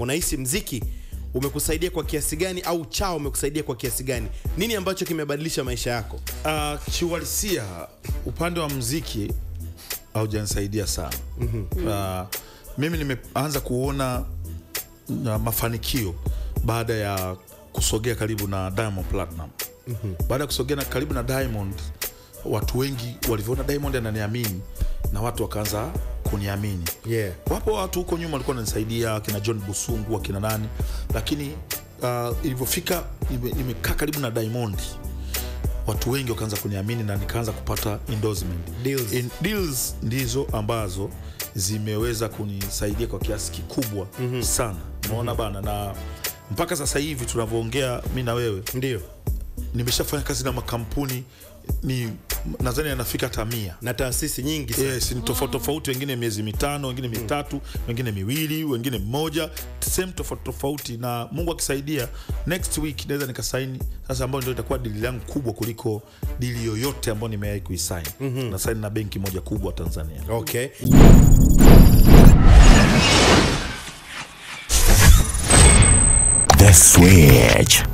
Unahisi mziki umekusaidia kwa kiasi gani au chao umekusaidia kwa kiasi gani? Nini ambacho kimebadilisha maisha yako? Uh, kiuhalisia upande wa mziki haujanisaidia sana. mm -hmm. Uh, mimi nimeanza kuona uh, mafanikio baada ya kusogea karibu na Diamond Platinum. mm -hmm. Baada ya kusogea na karibu na Diamond, watu wengi walivyoona Diamond ananiamini na watu wakaanza kuniamini yeah. Wapo watu huko nyuma walikuwa wananisaidia kina John Busungu wakina nani, lakini uh, ilivyofika nimekaa karibu na Diamond watu wengi wakaanza kuniamini na nikaanza kupata endorsement deals. In, deals ndizo ambazo zimeweza kunisaidia kwa kiasi kikubwa mm -hmm. sana naona mm -hmm. bana na mpaka sasa hivi tunavyoongea mi na wewe ndio nimeshafanya kazi na makampuni ni nadhani anafika hata mia na taasisi nyingi Yes, ni tofauti mm. tofauti, wengine miezi mitano, wengine mm. mitatu, mm. wengine miwili, wengine mmoja, sehemu tofauti tofauti, na Mungu akisaidia next week naweza nikasaini sasa, ambayo ndio itakuwa dili yangu kubwa kuliko dili yoyote ambayo nimewahi kuisaini. mm -hmm. saini na benki moja kubwa Tanzania. Okay. The Switch.